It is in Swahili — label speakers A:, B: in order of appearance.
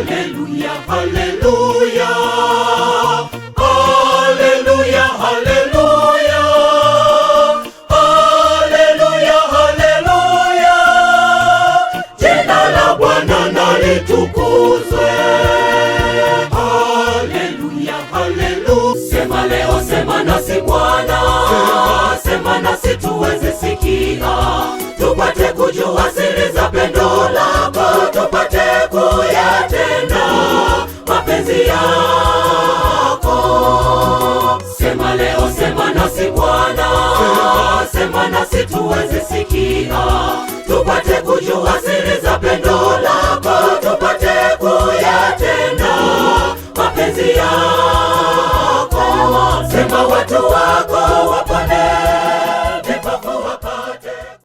A: Haleluya, haleluya, haleluya, haleluya, haleluya, haleluya. Jina la Bwana na litukuzwe. Haleluya, haleluya.
B: Sema leo, sema nasi Bwana, sema nasi tuweze sikia, tupate kujua siri za nafsi yako. Sema leo, sema nasi Bwana, sema nasi tuweze sikia, tupate kujua siri za pendo lako, tupate kuyatenda mapenzi yako. Sema watu wako